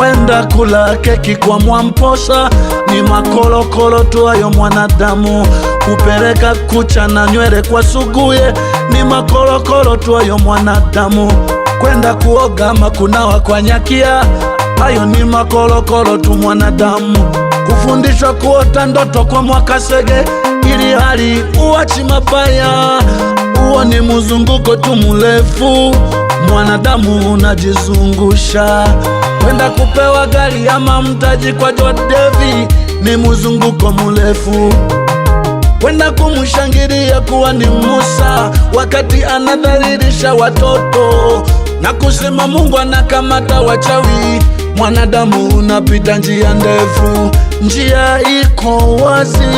kwenda kula keki kwa Mwamposa. Ni makolokolo tu ayo mwanadamu, kupeleka kucha na nywele kwa Suguye. Ni makolokolo tu ayo mwanadamu, kwenda kuoga makunawa kwa Nyakia. Hayo ni makolokolo tu mwanadamu, kufundishwa kuota ndoto kwa Mwakasege ili hali uwachi mabaya. Uwo ni muzunguko tu mulefu, mwanadamu unajizungusha. Napenda kupewa gari ama mtaji kwa John Devi, ni muzunguko murefu kwenda kumushangilia kuwa ni Musa wakati anadhalilisha watoto na kusema Mungu anakamata wachawi. Mwanadamu unapita njia ndefu, njia iko wazi,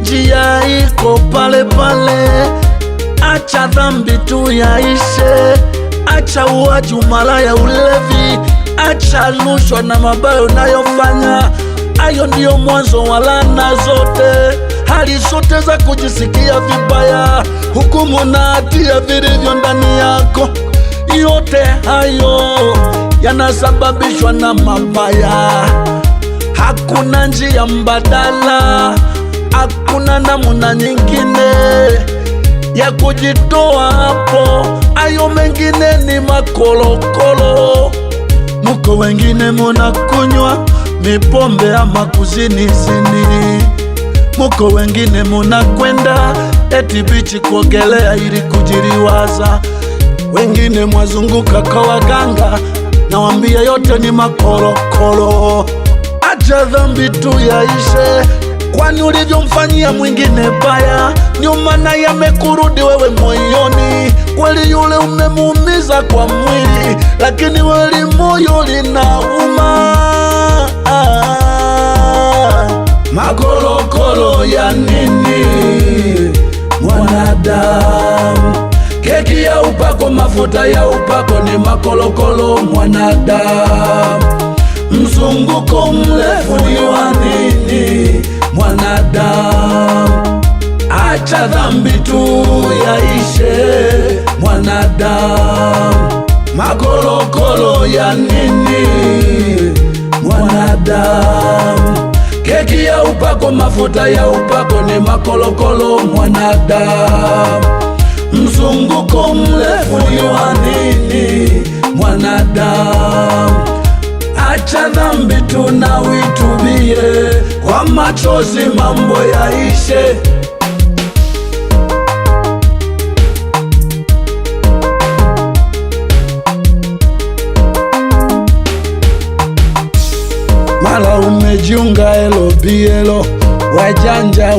njia iko pale pale. Acha dhambi tu yaishe, acha uwaji, umalaya, ulevi acha nushwa na mabayo nayofanya ayo ndiyo mwanzo wa laana zote, hali zote za kujisikia vibaya, hukumu na hatia vilivyo ndani yako. Yote hayo yanasababishwa na mabaya. Hakuna njia mbadala, hakuna namna nyingine ya kujitoa hapo. ayo mengine ni makolokolo. Huko wengine munakunywa mipombe ama kuzinizini, muko wengine munakwenda eti bichi kuogelea ili kujiliwaza, wengine mwazunguka kwa waganga, nawambia yote ni makorokoro. Acha dhambi tu yaishe kwani ulivyomfanyia mwingine baya, ndio maana yamekurudi wewe moyoni. Kweli yule umemuumiza kwa mwili, lakini weli moyo linauma. Makorokoro ya nini mwanadamu? Keki ya upako, mafuta ya upako ni makorokoro mwanadamu. Mzunguko mrefu ni wani makolokolo ya nini mwanadamu? Keki ya upako, mafuta ya upako ni makolokolo mwanadamu. Mzunguko mrefu ni wa nini mwanadamu? Acha dhambi tunawitubie, kwa machozi mambo yaishe. mara umejiunga elo bielo wajanja